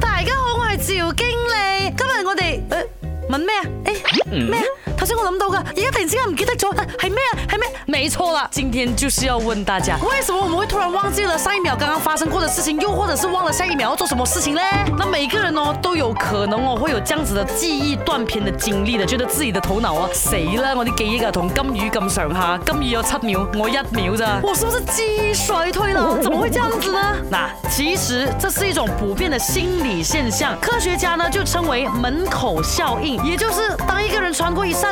大家好，我係趙經理，今日我哋、欸、問咩啊？誒、欸，咩、嗯？什麼頭先我諗到嘅，而家突然之間，唔記得咗，係咩啊？係咩？沒錯了，今天就是要問大家，為什麼我們會突然忘記了上一秒剛剛發生過的事情，又或者是忘了下一秒要做什麼事情咧？那每一個人哦，都有可能哦，會有這樣子的記憶斷片的經歷的，覺得自己的頭腦啊，死啦，我的記憶啊，同金魚咁上下，金魚有七秒，我一秒咋？我是不是記憶衰退了，怎麼會這樣子呢？嗱，其實這是一種普遍的心理現象，科學家呢就稱為門口效應，也就是當一個人穿過一扇。